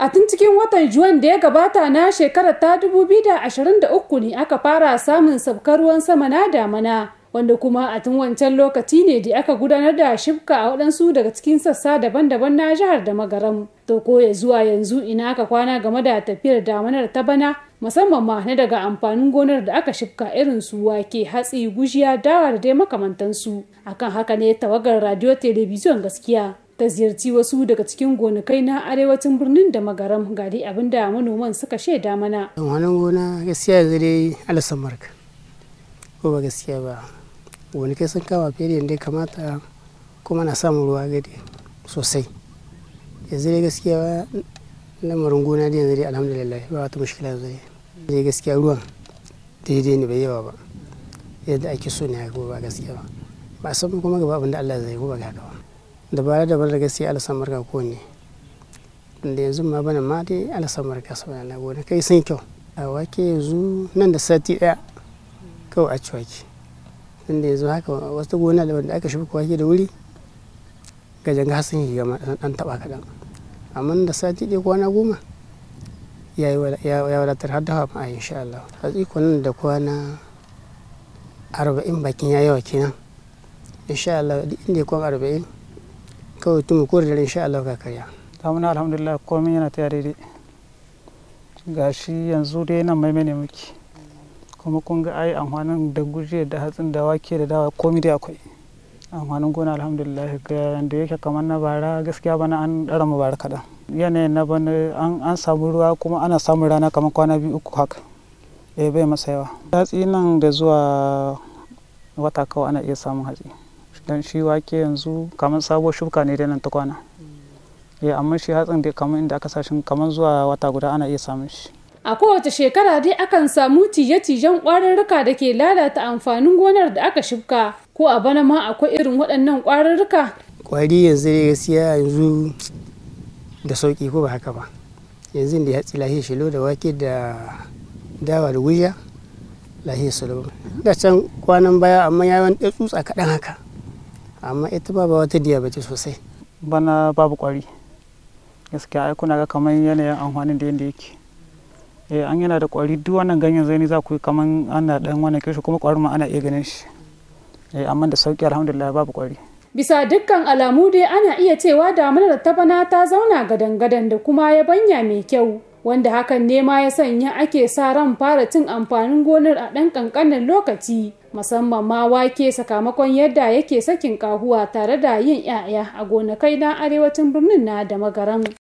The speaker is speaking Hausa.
a tun cikin watan juwan da ya gabata na shekarar ta 2023 ne aka fara samun sabkar ruwan sama na damana wanda kuma a tun wancan lokaci ne da aka gudanar da shifka a waɗansu daga cikin sassa daban-daban na jihar da magaram to ko ya zuwa yanzu ina aka kwana game da tafiyar damanar ta bana musamman ma na daga amfanin gonar da aka shifka irin su wake hatsi gujiya dawa da dai makamantansu akan haka ne tawagar radio television gaskiya ta ziyarci wasu daga cikin gonakai na arewacin birnin da magaram ga dai abin da manoman suka shaida mana. Amfanin gona gaskiya yanzu dai alasan marka ko ba gaskiya ba gonakai sun kama fiye da yadda ya kamata kuma na samun ruwa gadi sosai yanzu dai gaskiya ba na marin gona dai yanzu dai alhamdulillah ba wata mashikila yanzu dai. Dai gaskiya ruwan daidai ne bai yawa ba yadda ake so ne haka ba gaskiya ba ba san kuma gaba abin da Allah zai ko ba ga ba. da baya da bar da gaskiya Allah san barka ko ne da yanzu ma bana ma dai Allah san barka subhanahu na kai sun kyau a wake yanzu nan da sati daya kawai a ci wake inda yanzu haka wasu gona da wanda aka shuka wake da wuri gajen ga sun gama dan taba kaɗan amma da sati ɗaya kwana goma ya wadatar har hawa ma'a insha Allah hatsi kwanan da kwana arba'in bakin ya wa kenan insha Allah duk inda ya kwan arba'in kawai tun ko da insha Allah ga karya Tamu na alhamdulillah komai yana ta daidai ga shi yanzu dai nan mai mene muke kuma kun ga ai amfanin da guje da hatsin da wake da dawa komai dai akwai amfanin gona alhamdulillah ga da yake kamar na bara gaskiya bana an dara mu bara kaɗan yanayin na bana an samu ruwa kuma ana samun rana kamar kwana biyu uku haka eh bai masa yawa hatsi nan da zuwa wata kawai ana iya samun hatsi don shi wake yanzu kamar sabuwar shuka ne nan ta kwana ya eh, amma shi hatsin dai kamar inda aka sashin kamar zuwa wata guda ana iya samun shi a kowace shekara dai akan samu tiye-tijen ƙwararruka da ke lalata amfanin gonar da aka shuka ko a bana ma akwai irin waɗannan ƙwararruka ƙwari yanzu da gaskiya yanzu da sauƙi ko ba haka ba yanzu da hatsi lahiyar shilo da wake da dawa da wuya lahi salo da can kwanan baya amma ya wani tsutsa kaɗan haka amma ita ba wata diya sosai bana babu kwari gaskiya ai kuna ga kamar yanayin amfanin da yanda yake eh an yana da kwari duk wannan ganyen zai za ku kamar ana dan wannan kishi kuma kwarin ma ana iya ganin shi eh amma da sauki alhamdulillah babu kwari bisa dukkan alamu dai ana iya cewa damunar ta bana ta zauna gadan-gadan da kuma ya banya mai kyau wanda hakan ne ma ya sanya ake sa ran fara cin amfanin gonar a ɗan ƙanƙanin lokaci musamman ma wake sakamakon yadda yake sakin kahuwa tare da yin 'ya'ya a gonakai na arewacin birnin na da magaran